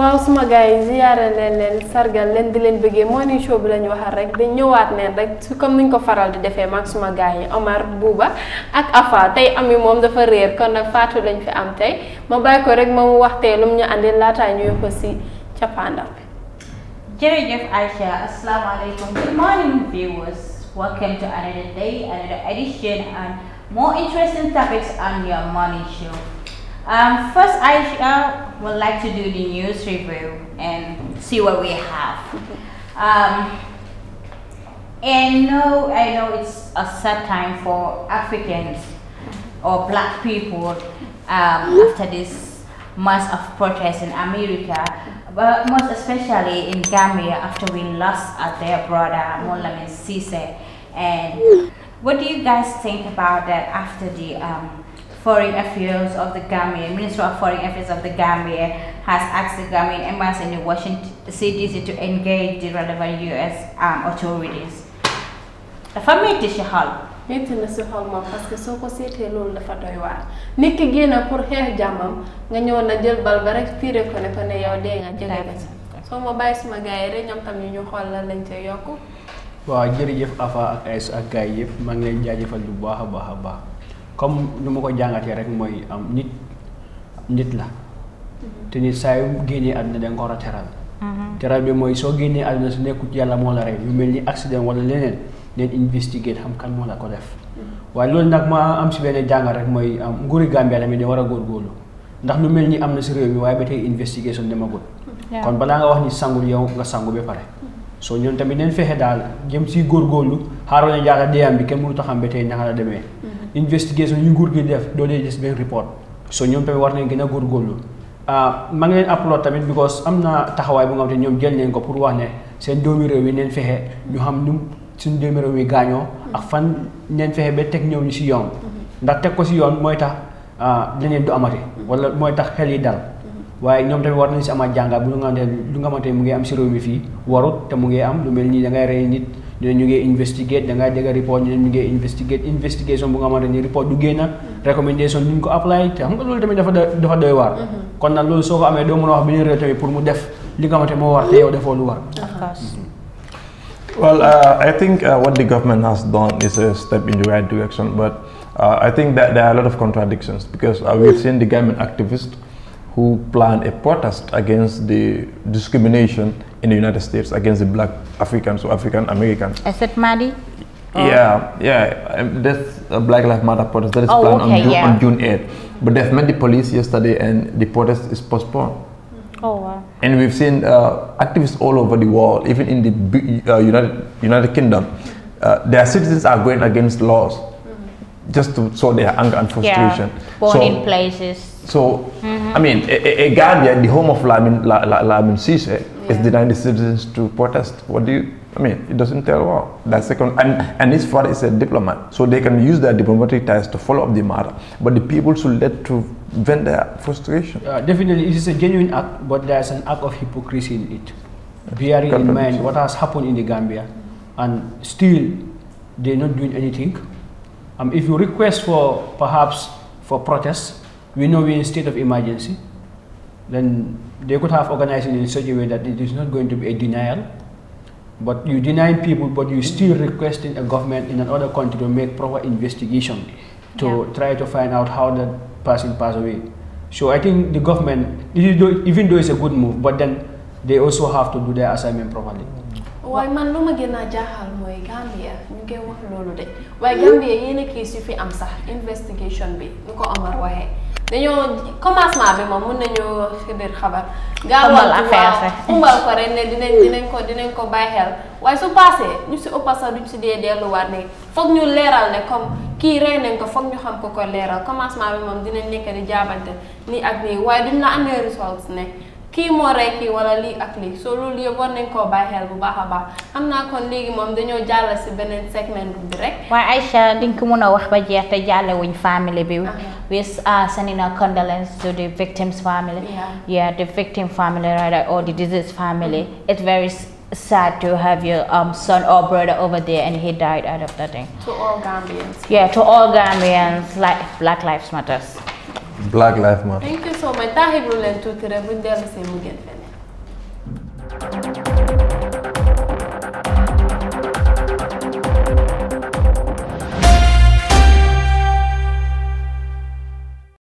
waaw suma gars yi ziyaare leen leen sargal leen di leen bëggee morning show bi la ñu waxal rek di ñëwaat neen rek su comme niñ ko faral di defee mag suma gars yi Omar buuba ak Afa tey ami moom dafa réer kon nag Fatou lañ fi am tey ma bàyyi ko rek ma mu waxtee lu ñu àndi laataa ñuy ko si cappaandaw bi jërëjëf Aïcha asalaamaaleykum good morning viewers welcome to another day another edition and more interesting topics on your morning show Um, first, I uh, would like to do the news review and see what we have. Um, and no, I know it's a sad time for Africans or black people um, mm-hmm. after this mass of protests in America, but most especially in Gambia after we lost uh, their brother Moulamin Sise. And mm. what do you guys think about that after the um, Foreign Affairs of the Gambia, Minister of Foreign Affairs of the Gambia has asked the Gambian embassy in Washington CDC to engage the relevant U.S. Um, authorities. dafa métti si xol. métti na to xol moom parce que soo ko seetee loolu dafa doy waar nit ki génn pour xeex jàmmam nga ñëw na jël bal ba ne ko nga jëlee ko si. soo ma bàyyi tam ñu xool lan lañ cee yokk. waaw jërëjëf Afa ak Aïssa ak gars yi yëpp maa comme nu ma ko jàngatee rek mooy am nit nit la mm-hmm. te nit saa yu génnee àdduna da nga ko war teral mm-hmm. teral bi mooy soo génnee àdduna su nekkut yàlla moo la rey yu mel ni accident wala leneen neen investigate xam kan moo la ko def mm-hmm. waaye loolu nag ma am si benn jàngat rek mooy nguuri Gambia la mi ne war a góor góorgóorlu ndax lu mel ni am na si réew mi waaye ba tey investigation demagul kon balaa nga wax ni sangu yow nga sangu ba pare soo ñoom tamit neen fexe daal jëm si góorgóorlu xaaroon ne jaata bi kenn mënut a xam ba demee investigation yu nguur gi def doo dee gis benn report so ñoom tamit war nañ gën a góorgóorlu ah, ma ngi leen applaud tamit because am na taxawaay bu nga xam ne ñoom jël neen ko pour wax ne seen doomi réew yi neen fexe ñu xam nu suñu doomi réew yi gaañoo ak fan neen fexe ba teg ñëw ñu si yoon mm-hmm. ndax teg ko si yoon mooy tax ah, leneen du amati mm-hmm. wala mooy tax xel yi dal mm-hmm. waaye ñoom tamit war nañ si amaat jànga bu nga xamante lu nga xamante mu ngi am si réew mi fii warut te mu ngi am lu mel nii da ngay rey nit ñooñu ñu ngi investigate da ngaa dégg report ñu ne ñu ngi investigate investigation bu nga xamante ni report du génn recommendation duñ ko apply te xam nga loolu tamit dafa dafa doy waar. kon nag loolu soo ko amee doo mën a wax beneen réew tamit pour mu def li nga xamante moo war te yow defoo lu war. Well, uh, I think uh, what the government has done is a step in the right direction, but uh, I think that there are a lot of contradictions because uh, we've seen the government activists who planned a protest against the discrimination in the United States against the black Africans or African Americans. it Madi? Oh. Yeah, yeah. Um, That's a uh, Black Lives Matter protest that is oh, planned okay, on, June, yeah. on June 8th. But they've met the police yesterday and the protest is postponed. Oh, wow. And we've seen uh, activists all over the world, even in the uh, United, United Kingdom, uh, their citizens are going against laws mm-hmm. just to show their anger and frustration. Yeah, born so, in places. So, mm -hmm. I mean, a, a Gambia, the home of Lamin, La, La, Lamin Cisse, is denying the citizens to protest. What do you? I mean, it doesn't tell well. That's second, and and his father is a diplomat, so they can use their diplomatic ties to follow up the matter. But the people should let to vent their frustration. Uh, definitely, it is a genuine act, but there's an act of hypocrisy in it. Bearing in mind what has happened in the Gambia, and still they're not doing anything. Um, if you request for perhaps for protests, we know we're in state of emergency then they could have organized it in such a way that it is not going to be a denial, but you deny people, but you still requesting a government in another country to make proper investigation to yeah. try to find out how that person passed away. So I think the government, even though it's a good move, but then they also have to do their assignment properly. Why man lu ma Gambia ñu ngi wax loolu de Gambia yéen a su fi am sax investigation bi ñu amar Omar dañoo commencement bi moom mun nañoo xibir xabar. gaawal affaire bi umbal ko rek ne dinañ dinañ ko dinañ ko bàyyi xel waaye su paasee ñu si ëpp sax duñ si dee delluwaat ne foog ñu leeral ne comme kii rey nañ ko foog ñu xam ko ko leeral commencement bi moom dinañ nekk di jaabante nii ak nii waaye duñ la amee ressource ne. kii moo rey kii wala lii ak lii soo loolu yëpp war nañ koo bàyyi xel bu baax a baax xam naa kon léegi moom dañoo jàll si beneen segment bi rek waaye Aïcha diñ ko mën a wax ba jeex te jàlle wuñ family bi ah. we are uh, sending our condolence to the victim's family yeah the victim family rather or the deceased family mm-hmm. it's very sad to have your um, son or brother over there and he died out of that thing. To all Gambians. Yeah, to all Gambians, like Black Lives Matters. Black Lives Matter. question mooy bu leen tuuti rek buñ dellu see mu gën